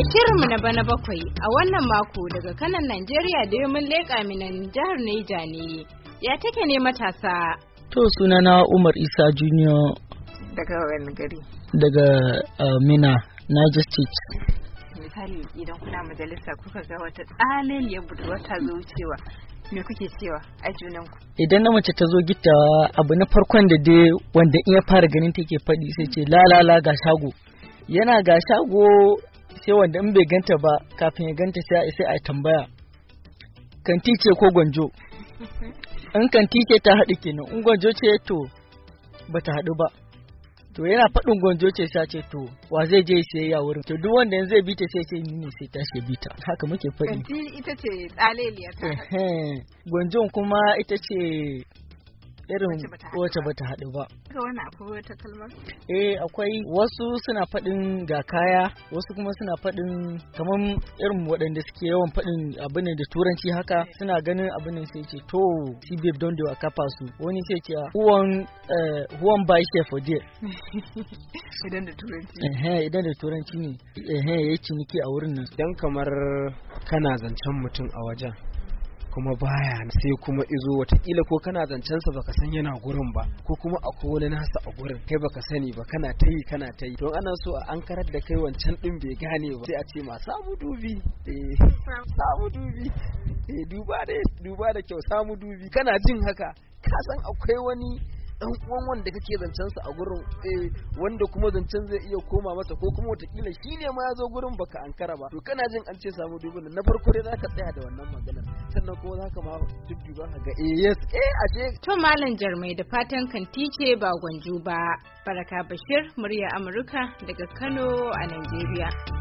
A shirinmu na bana bakwai a wannan mako daga kanan Najeriya da yamin leƙa minan jihar Neja ne ya take ne matasa. To sunana Umar Isa Junior. Daga wani gari? Daga uh, Mina, Niger State. Misali idan kuna majalisa kuka ga wata tsaliliyar budurwa ta zo wucewa me kuke cewa a junanku idan na mace ta zo gittawa abu na farkon da dai wanda in ya fara ganin take faɗi sai ce la la la ga shago yana ga shago sai wanda in bai ganta ba kafin ya ganta sai sai a tambaya kanti ce ko gwanjo in kanti ce ta haɗu kenan in gwanjo ce to ba ta haɗu ba to yana faɗin gwanjo ce sa ce to wa zai je sai ya wurin to duk wanda zai bita sai sai ni ne sai ta shi bita haka muke faɗi kanti ita ce tsaleliya ta gwanjon kuma ita ce irin wacce bata haɗu ba. Ga wani akwai kalmar? Eh akwai wasu suna faɗin ga kaya wasu kuma suna faɗin kamar irin waɗanda suke yawan faɗin abin da turanci haka eh. suna ganin abin nan sai ce to si babe don da kafa su wani sai ce huwan huwan ba shi for dear. Idan da turanci. Eh idan da turanci ne eh ya ciniki a wurin nan. Dan kamar kana zancen mutum a wajen. kuma baya sai kuma izo watakila ko kana zancensa baka san yana gurin ba ko kuma akwai wani nasa a gurin kai baka sani ba kana ta yi kana ta yi don ana so a ankarar da kai wancan din bai gane ba sai a ce ma samu dubi eh samu dubi eh duba da duba da kyau samu dubi kana jin haka ka san akwai wani dan uwan wanda kake zancen sa a gurin eh wanda kuma zancen zai iya koma masa ko kuma watakila shi ne ma ya zo gurin baka ankara ba to kana jin an ce samu dubin na farko dai zaka tsaya da wannan maganar sannan kuma zaka ma dubduba ba ga eh yes eh ce to malam jarmai da fatan kan tice ba gwanju ba baraka bashir murya amurka daga kano a Najeriya.